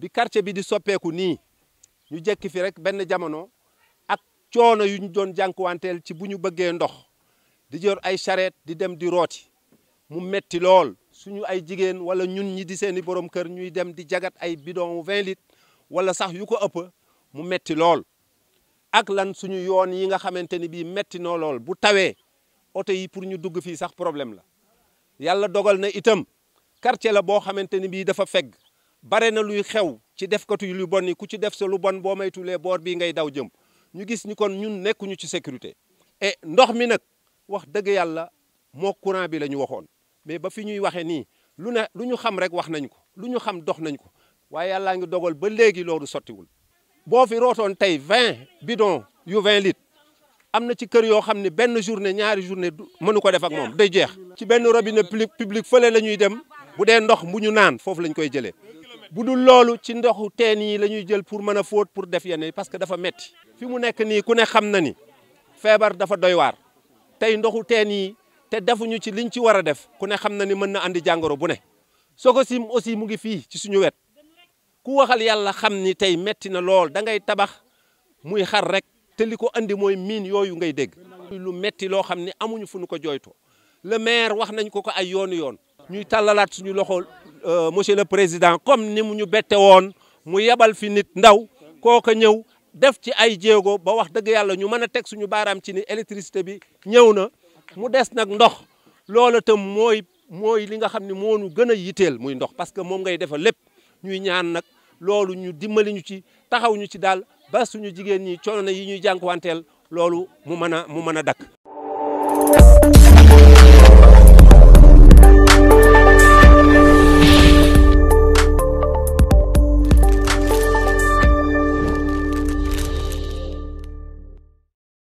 bi quartier bi di soppeeku nii ñu jekki fi rek benn jamono ak coono yu ñu doon wanteel ci bu ñu bëggee ndox di jor ay charrette di dem di rooti mu metti lool suñu ay jigéen wala ñun ñi di seeni borom kër ñuy dem di jagat ay bidon 20 litres wala sax yu ko ëpp mu metti lool ak lan suñu yoon yi nga xamante ni bii metti noo lool bu tawee oto yi pour ñu dugg fii sax problème la yàlla dogal na itam quartier la boo xamante ni bii dafa fegg bare na luy xew ci defkatu yu lu bon yi ku ci def sa lu bon boo maytulee boor bi ngay daw jëm ñu gis ñu kon ñun nekkuñu ci sécurité et ndox mi nag wax dëgg yàlla moo courant bi la ñu waxoon mais ba fi ñuy waxee nii lu ne lu ñu xam rek wax nañ ko lu ñu xam dox nañ ko waaye yàllaa ngi dogal ba léegi loolu sottiwul boo fi rootoon tey 20 bidon yu 20 litres am na ci kër yoo xam ne benn journée ñaari journée mënu ko def ak moom day jeex ci benn robinet public fële la ñuy dem bu dee ndox mu ñu naan foofu lañ koy jëlee bu dul loolu ci ndoxu teen yi la ñuy jël pour mën a fóot pour def yenn parce que dafa metti fi mu nekk nii ku ne xam na ni feebar dafa doy waar tey ndoxu teen yi te defuñu ci liñ ci war a def ku ne xam na ni mën na andi jàngoro bu ne Sococim aussi mu ngi fii ci suñu wet ku waxal yàlla xam ni tey metti na lool da ngay tabax muy xar rek te li ko andi mooy miin yooyu ngay dégg lu metti loo xam ni amuñu fu ñu ko jooytoo le maire wax nañ ko ko ay yoonu yoon ñuy tàllalaat suñu loxo Euh, monsieur le président comme ni mu ñu bette woon mu yebal fi nit ndaw kooka ñëw def ci ay jéego ba wax dëgg yàlla ñu mën a teg suñu baaraam ci ni électricité bi ñëw na mu des nag ndox loola tam mooy mooy li nga xam ne moo ñu gën a yiteel muy ndox parce que moom ngay defa lépp ñuy ñaan nag loolu ñu dimbali ñu ci taxaw ñu ci daal ba suñu jigéen ñi na yi ñuy wanteel loolu mu mën a mu mën a dakk